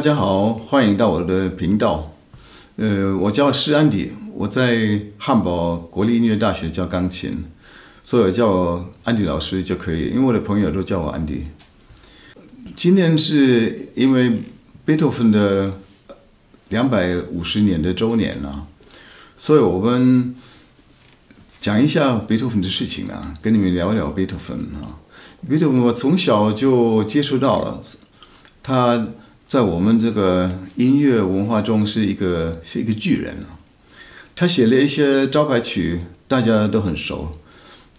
大家好，歡迎到我的頻道。呃，我叫施安迪，我在漢堡國立音樂大學教鋼琴，所以我叫我安迪老師就可以。因為我的朋友都叫我安迪。今年是因為貝多芬的兩百五十年的周年了啊，所以我們講一下貝多芬的事情啊，跟你們聊一聊貝多芬啊。貝多芬，我從小就接觸到了他。在我們這個音樂文化中，是一個是一個巨人了、啊。他寫了一些招牌曲，大家都很熟，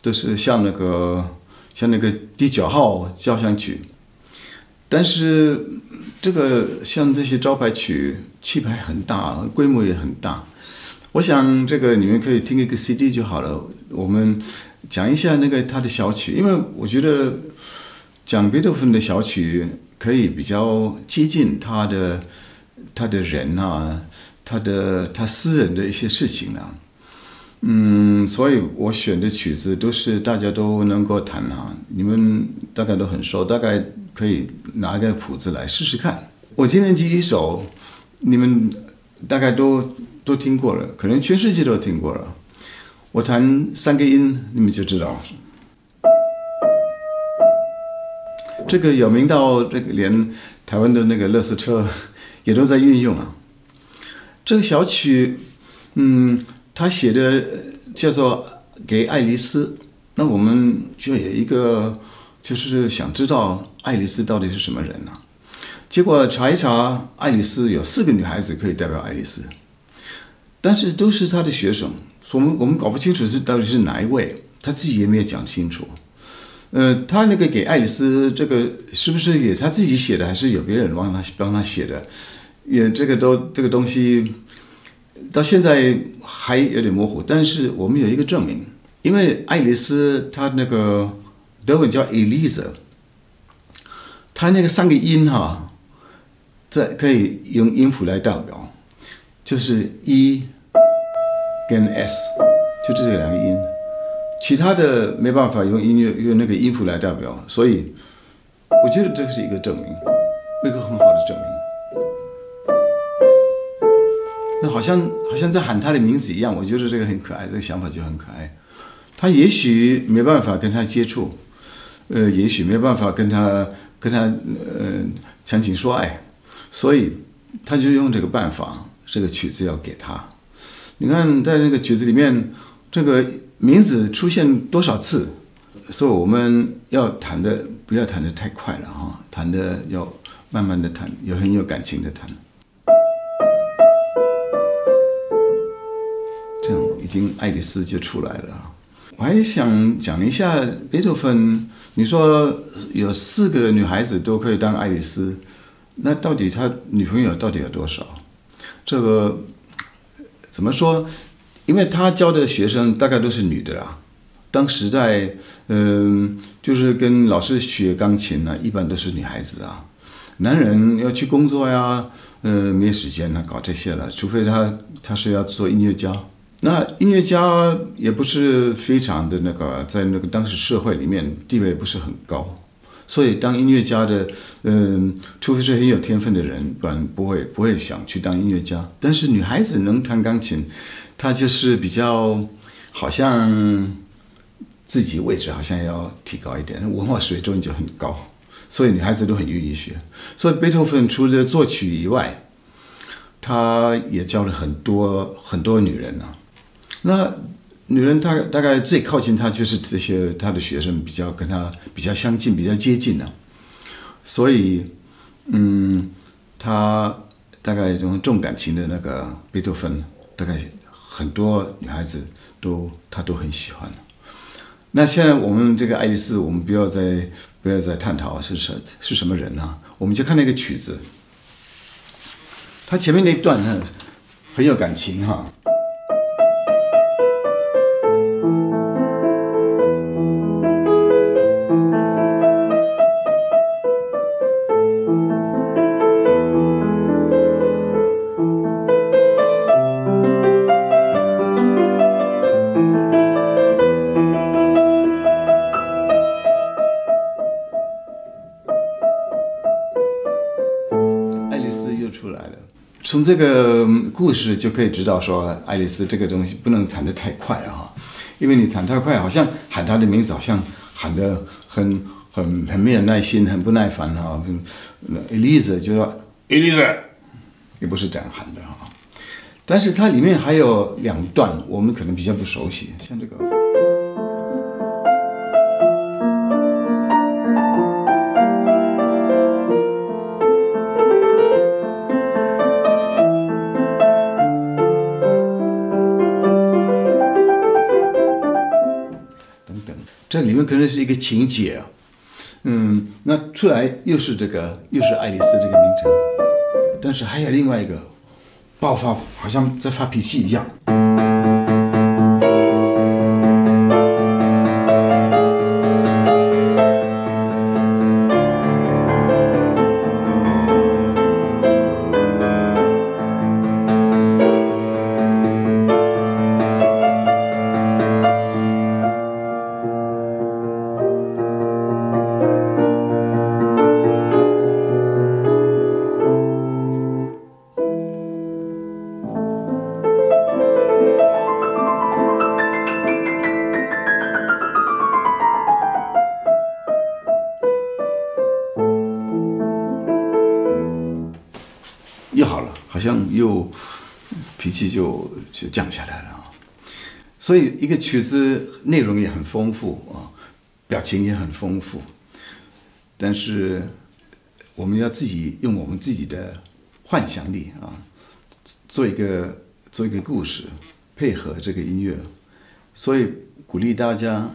都是像那個像那個第九號交響曲。但是這個像這些招牌曲，氣派很大，規模也很大。我想這個你們可以聽一個 CD 就好了。我們講一下那個他的小曲，因為我覺得講貝多芬的小曲。可以比較接近他的，他的人吶、啊，他的他私人的一些事情吶、啊，嗯，所以我選的曲子都是大家都能夠彈啊，你們大概都很熟，大概可以拿個譜子來試試看。我今天第一首，你們大概都都聽過了，可能全世界都聽過了。我彈三個音，你們就知道。這個有名到這個連台灣的那個垃圾車，也都在運用啊。這個小曲，嗯，他寫的叫做《給愛麗絲》。那我們就有一個，就是想知道愛麗絲到底是什麼人呢、啊？結果查一查，愛麗絲有四個女孩子可以代表愛麗絲，但是都是她的學生，我們我們搞不清楚是到底是哪一位，她自己也沒有講清楚。呃，他那個給愛麗絲這個是不是也他自己寫的，還是有別人幫他幫他寫的？也這個都這個東西到現在還有點模糊，但是我們有一個證明，因為愛麗絲她那個德文叫 Elise，他那個三個音哈，在可以用音符來代表，就是 E 跟 S，就這兩個音。其他的沒辦法用音樂用那個音符來代表，所以我覺得這是一個證明，一個很好的證明。那好像好像在喊他的名字一樣，我覺得這個很可愛，這個想法就很可愛。他也許沒辦法跟他接觸，呃，也許沒辦法跟他跟他呃談情說愛，所以他就用這個辦法，這個曲子要給他。你看，在那個曲子裡面。這個名字出現多少次？所以我們要彈的不要彈得太快了哈，彈的要慢慢的彈，有很有感情的彈。這樣，已經愛麗絲就出來了。我還想講一下貝多、嗯、芬。你說有四個女孩子都可以當愛麗絲，那到底他女朋友到底有多少？這個怎麼說？因為他教的學生大概都是女的啦，當時在嗯、呃，就是跟老師學鋼琴呢、啊，一般都是女孩子啊，男人要去工作呀，呃，沒時間呢、啊，搞這些了，除非他他是要做音樂家，那音樂家也不是非常的那個，在那個當時社會裡面地位不是很高。所以當音樂家的，嗯、呃，除非是很有天分的人，不然不會不會想去當音樂家。但是女孩子能彈鋼琴，她就是比較好像自己位置好像要提高一點，文化水準就很高，所以女孩子都很願意學。所以貝多芬除了作曲以外，他也教了很多很多女人呢、啊。那。女人，大概大概最靠近她就是這些，她的學生比較跟她比較相近，比較接近的、啊，所以，嗯，她大概這種重感情的那個貝多芬，大概很多女孩子都她都很喜歡。那現在我們這個愛麗絲，我們不要再不要再探討是什是什麼人啊，我們就看那個曲子，她前面那段呢，很有感情哈、啊。出來的，從這個故事就可以知道，說愛麗絲這個東西不能彈得太快啊，因為你彈太快，好像喊她的名字，好像喊得很很很沒有耐心，很不耐煩啊。那 Eliza 就說 Eliza 也不是這樣喊的哈，但是它裡面還有兩段，我們可能比較不熟悉，像這個。這裡面可能是一個情節啊，嗯，那出來又是這個，又是愛麗絲這個名稱，但是還有另外一個爆發，好像在發脾氣一樣。好像又脾氣就就降下來了啊，所以一個曲子內容也很豐富啊，表情也很豐富，但是我們要自己用我們自己的幻想力啊，做一個做一個故事配合這個音樂，所以鼓勵大家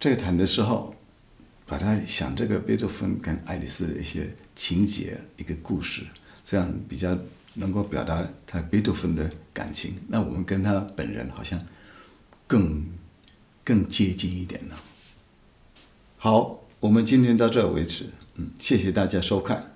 在彈的時候把它想這個貝多芬跟愛麗絲的一些情節一個故事，這樣比較。能夠表達他貝多芬的感情，那我們跟他本人好像更更接近一點呢啊。好，我們今天到這為止，嗯，謝謝大家收看。